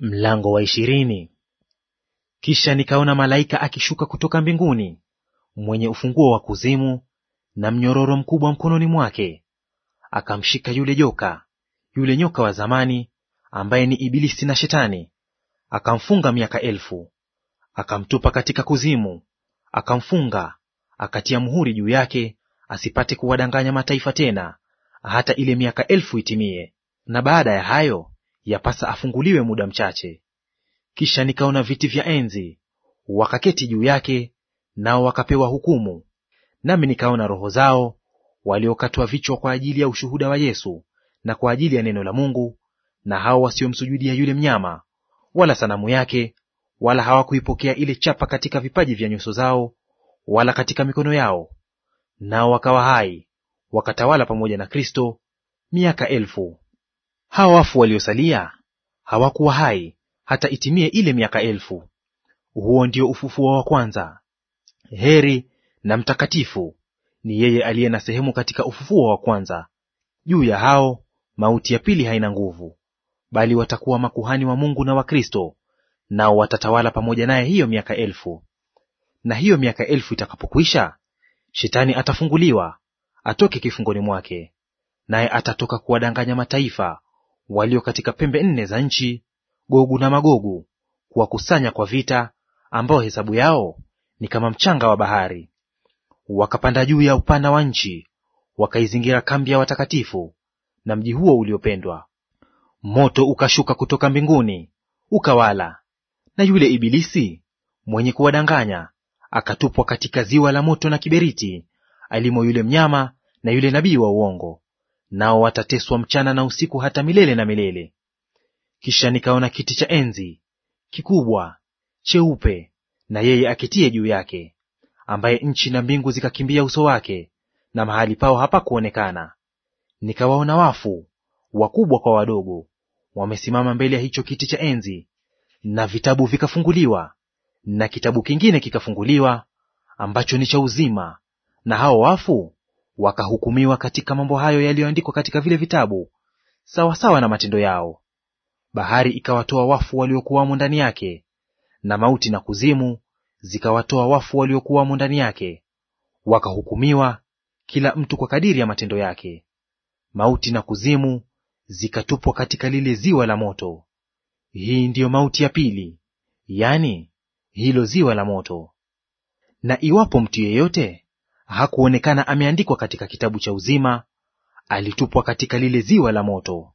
Mlango wa ishirini. Kisha nikaona malaika akishuka kutoka mbinguni mwenye ufunguo wa kuzimu na mnyororo mkubwa mkononi mwake. Akamshika yule joka, yule nyoka wa zamani ambaye ni Ibilisi na Shetani, akamfunga miaka elfu. Akamtupa katika kuzimu, akamfunga, akatia muhuri juu yake, asipate kuwadanganya mataifa tena, hata ile miaka elfu itimie. Na baada ya hayo yapasa afunguliwe muda mchache. Kisha nikaona viti vya enzi, wakaketi juu yake, nao wakapewa hukumu. Nami nikaona roho zao waliokatwa vichwa kwa ajili ya ushuhuda wa Yesu na kwa ajili ya neno la Mungu, na hao wasiomsujudia yule mnyama wala sanamu yake, wala hawakuipokea ile chapa katika vipaji vya nyuso zao wala katika mikono yao, nao wakawa hai, wakatawala pamoja na Kristo miaka elfu. Hawa wafu waliosalia hawakuwa hai hata itimie ile miaka elfu. Huo ndio ufufuo wa kwanza. Heri na mtakatifu ni yeye aliye na sehemu katika ufufuo wa kwanza. Juu ya hao mauti ya pili haina nguvu, bali watakuwa makuhani wa Mungu na wa Kristo, nao watatawala pamoja naye hiyo miaka elfu. Na hiyo miaka elfu itakapokwisha, Shetani atafunguliwa atoke kifungoni mwake, naye atatoka kuwadanganya mataifa walio katika pembe nne za nchi, Gogu na Magogu, kuwakusanya kwa vita, ambao hesabu yao ni kama mchanga wa bahari. Wakapanda juu ya upana wa nchi, wakaizingira kambi ya watakatifu na mji huo uliopendwa. Moto ukashuka kutoka mbinguni ukawala, na yule Ibilisi mwenye kuwadanganya akatupwa katika ziwa la moto na kiberiti, alimo yule mnyama na yule nabii wa uongo nao watateswa mchana na usiku hata milele na milele. Kisha nikaona kiti cha enzi kikubwa cheupe, na yeye akitie juu yake, ambaye nchi na mbingu zikakimbia uso wake, na mahali pao hapakuonekana. Nikawaona wafu wakubwa kwa wadogo, wamesimama mbele ya hicho kiti cha enzi, na vitabu vikafunguliwa, na kitabu kingine kikafunguliwa ambacho ni cha uzima, na hao wafu wakahukumiwa katika mambo hayo yaliyoandikwa katika vile vitabu sawasawa na matendo yao. Bahari ikawatoa wafu waliokuwamo ndani yake, na mauti na kuzimu zikawatoa wafu waliokuwamo ndani yake, wakahukumiwa kila mtu kwa kadiri ya matendo yake. Mauti na kuzimu zikatupwa katika lile ziwa la moto. Hii ndiyo mauti ya pili, yani hilo ziwa la moto. Na iwapo mtu yeyote hakuonekana ameandikwa katika kitabu cha uzima, alitupwa katika lile ziwa la moto.